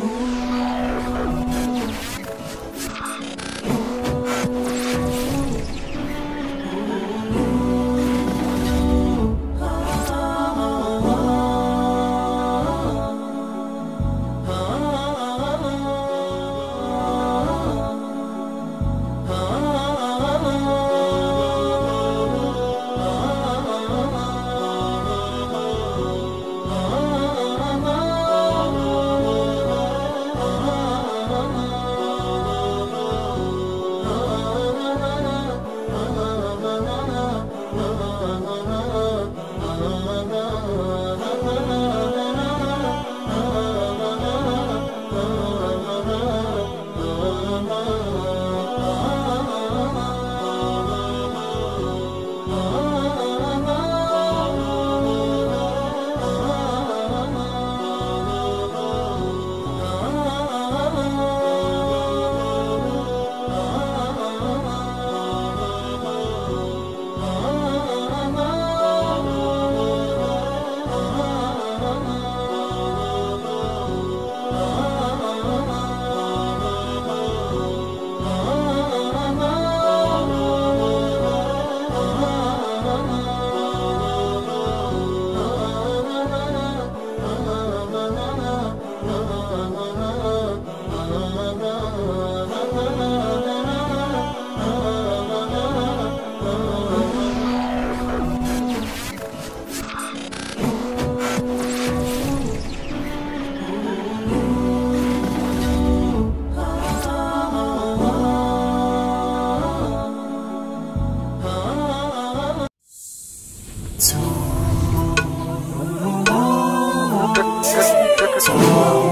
Ooh. Cause Just, just, love.